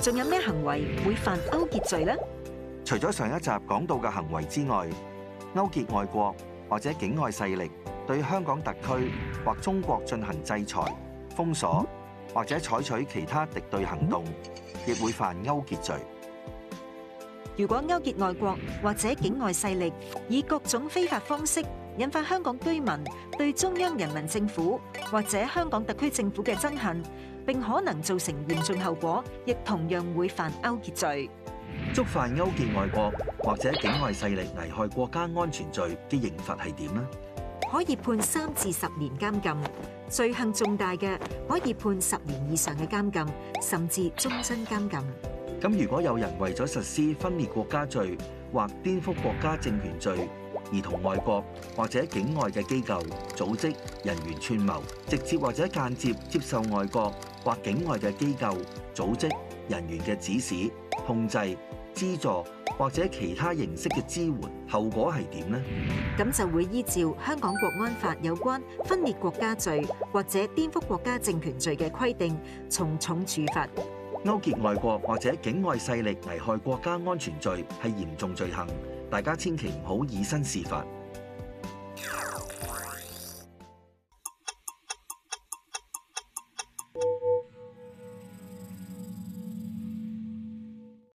仲有咩行為會犯勾結罪呢？除咗上一集講到嘅行為之外，勾結外國或者境外勢力對香港特區或中國進行制裁、封鎖，或者採取其他敵對行動，亦會犯勾結罪。如果勾結外國或者境外勢力以各種非法方式引發香港居民對中央人民政府或者香港特區政府嘅憎恨，並可能造成嚴重後果，亦同樣會犯勾結罪。觸犯勾結外國或者境外勢力危害國家安全罪嘅刑罰係點呢？可以判三至十年監禁，罪行重大嘅可以判十年以上嘅監禁，甚至終身監禁。咁如果有人為咗實施分裂國家罪或顛覆國家政權罪，而同外國或者境外嘅機構、組織、人員串謀，直接或者間接接受外國。或境外嘅機構、組織、人員嘅指使、控制、資助或者其他形式嘅支援，後果係點呢？咁就會依照香港國安法有關分裂國家罪或者顛覆國家政權罪嘅規定，從重處罰。勾結外國或者境外勢力危害國家安全罪係嚴重罪行，大家千祈唔好以身試法。